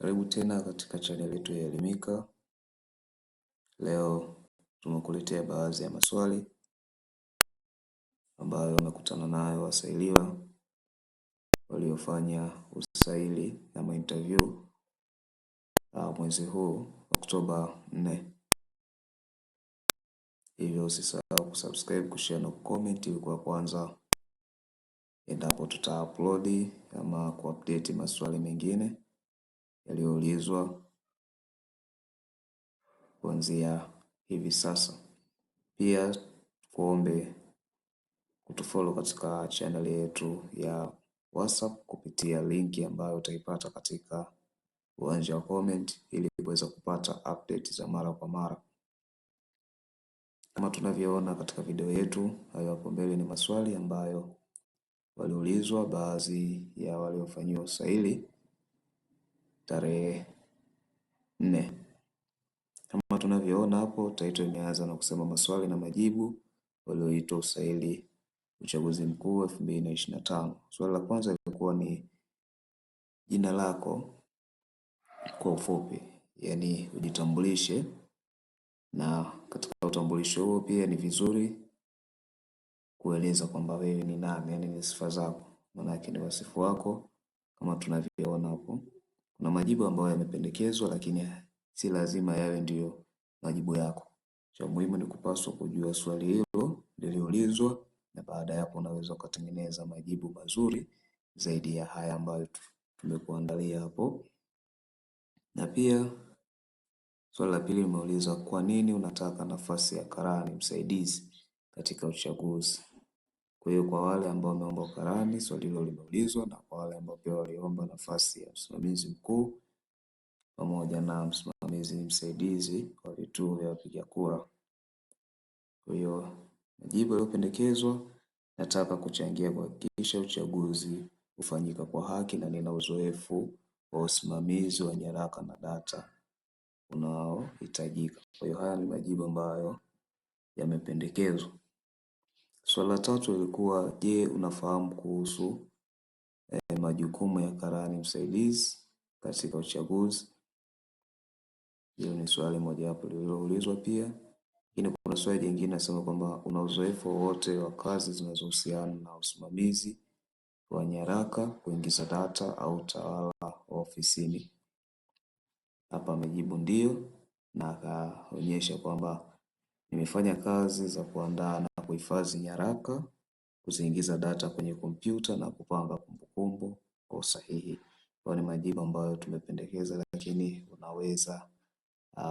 Karibu tena katika chaneli yetu ya Elimika. Leo tumekuletea baadhi ya maswali ambayo wamekutana nayo wasailiwa waliofanya usaili na mainterview ah, mwezi huu Oktoba 4. Hivyo usisahau kusubscribe, kushare na kucomment ili kwa kwanza endapo upload ama kuupdate maswali mengine yaliyoulizwa kuanzia hivi sasa. Pia tukuombe kutufollow katika chaneli yetu ya WhatsApp kupitia linki ambayo utaipata katika uwanja wa comment ili kuweza kupata update za mara kwa mara. Kama tunavyoona katika video yetu, hayo hapo mbele ni maswali ambayo waliulizwa baadhi ya waliofanyiwa usaili tarehe nne. Kama tunavyoona hapo, taito imeanza na kusema maswali na majibu walioitwa usaili uchaguzi mkuu elfu mbili na ishirini na tano. Swali la kwanza lilikuwa ni jina lako kwa ufupi, yaani ujitambulishe, na katika utambulisho huo pia ni vizuri kueleza kwamba wewe ni nani, yaani ni sifa zako, maanake ni wasifu wako kama tunavyoona hapo. Kuna majibu ambayo yamependekezwa lakini si lazima yawe ndiyo majibu yako. Cha muhimu ni kupaswa kujua swali hilo liliulizwa, na baada ya hapo unaweza ukatengeneza majibu mazuri zaidi ya haya ambayo tumekuandalia hapo. Na pia swali la pili limeuliza kwa nini unataka nafasi ya karani msaidizi katika uchaguzi. Kwa hiyo kwa wale ambao wameomba ukarani swali hilo limeulizwa, na kwa wale ambao pia waliomba nafasi ya msimamizi mkuu pamoja na msimamizi msaidizi wa vituo vya wapiga kura. Kwa hiyo majibu yaliyopendekezwa, nataka kuchangia kuhakikisha uchaguzi hufanyika kwa haki, na nina uzoefu wa usimamizi wa nyaraka na data unaohitajika. Kwa hiyo haya ni majibu ambayo yamependekezwa. Swali la tatu lilikuwa je, unafahamu kuhusu eh, majukumu ya karani msaidizi katika uchaguzi? hiyo ni swali mojawapo lililoulizwa pia. Lakini kuna swali jingine nasema kwamba una uzoefu wowote wa kazi zinazohusiana na usimamizi wa nyaraka, kuingiza data au utawala wa ofisini? Hapa amejibu ndio na akaonyesha kwamba Nimefanya kazi za kuandaa na kuhifadhi nyaraka, kuziingiza data kwenye kompyuta na kupanga kumbukumbu kwa usahihi. Hayo ni majibu ambayo tumependekeza lakini unaweza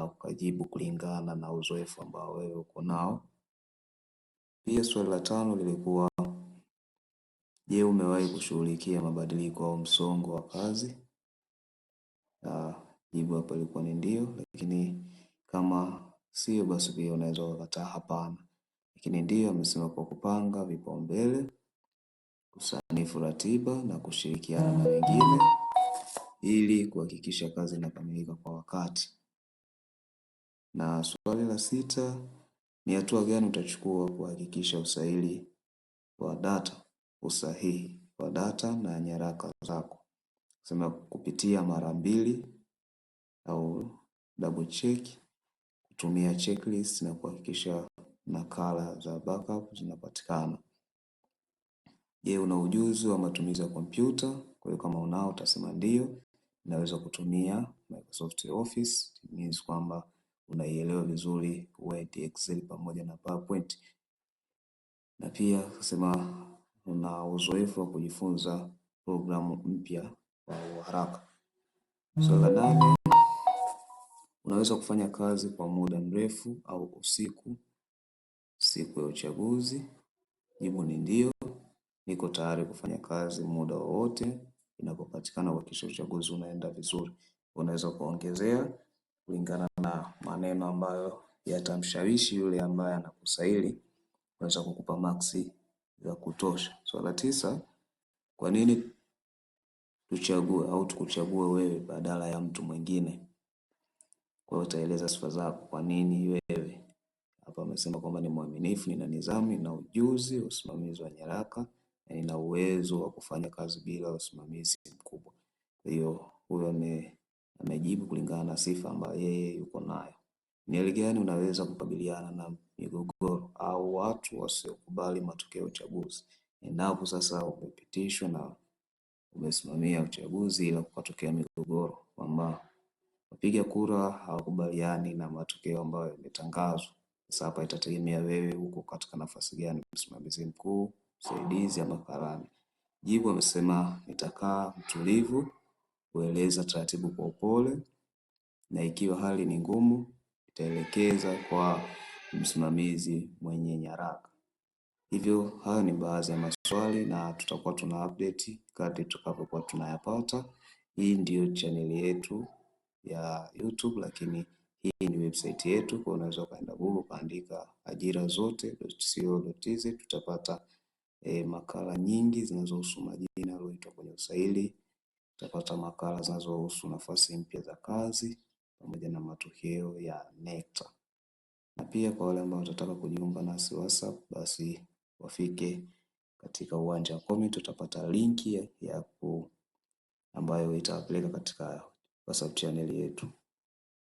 ukajibu kulingana na uzoefu ambao wewe uko nao. Pia swali la tano lilikuwa je, umewahi kushughulikia mabadiliko au msongo wa kazi? Jibu hapa ilikuwa ni ndio, lakini kama sio basi pia unaweza ukakataa hapana. Lakini ndiyo amesema kwa kupanga vipaumbele, kusanifu ratiba na kushirikiana na wengine ili kuhakikisha kazi inakamilika kwa wakati. Na swali la sita ni hatua gani utachukua kuhakikisha usahihi wa data, usahihi wa data na nyaraka zako. Sema kupitia mara mbili au double check tumia checklist na kuhakikisha nakala za backup zinapatikana. Je, una ujuzi wa matumizi ya kompyuta? Kwa hiyo kama unao utasema ndio, naweza kutumia Microsoft Office. means kwamba unaielewa vizuri Word, Excel pamoja na PowerPoint, na pia kusema una uzoefu wa kujifunza programu mpya kwa haraka. Swali la nane Unaweza kufanya kazi kwa muda mrefu au usiku, siku ya uchaguzi? Jibu ni ndio, niko tayari kufanya kazi muda wowote, inapopatikana kuhakikisha uchaguzi unaenda vizuri. Unaweza kuongezea kulingana na maneno ambayo yatamshawishi yule ambaye anakusaili kuweza kukupa maksi za kutosha. Swala tisa, kwa nini tuchague au tukuchague wewe badala ya mtu mwingine? Kwa hiyo utaeleza sifa zako, kwa nini wewe. Hapa amesema kwamba ni mwaminifu, nina nidhamu, nina ujuzi, usimamizi wa nyaraka na nina uwezo wa kufanya kazi bila usimamizi mkubwa. Kwa hiyo huyo amejibu kulingana na sifa ambayo yeye yuko nayo. Ni hali gani unaweza kukabiliana na migogoro au watu wasiokubali matokeo ya uchaguzi? Endapo sasa umepitishwa na umesimamia uchaguzi ila kukatokea migogoro, kwamba wapiga kura hawakubaliani na matokeo ambayo yametangazwa sasa hapa itategemea wewe huko katika nafasi gani msimamizi mkuu msaidizi ama karani jibu amesema nitakaa mtulivu kueleza taratibu kwa upole na ikiwa hali ni ngumu itaelekeza kwa msimamizi mwenye nyaraka hivyo hayo ni baadhi ya maswali na tutakuwa tuna update kadri tutakapokuwa tunayapata hii ndiyo chaneli yetu ya YouTube, lakini hii ni website yetu, kwa unaweza ukaenda Google ukaandika ajira zote.co.tz tutapata e, makala nyingi zinazohusu majina yaliyoitwa kwenye usaili. Tutapata makala zinazohusu nafasi mpya za kazi pamoja na matokeo ya NECTA, na pia kwa wale ambao watataka kujiunga nasi WhatsApp, basi wafike katika uwanja wa comment, utapata linki ya ku ambayo itawapeleka katika kwa sub yetu.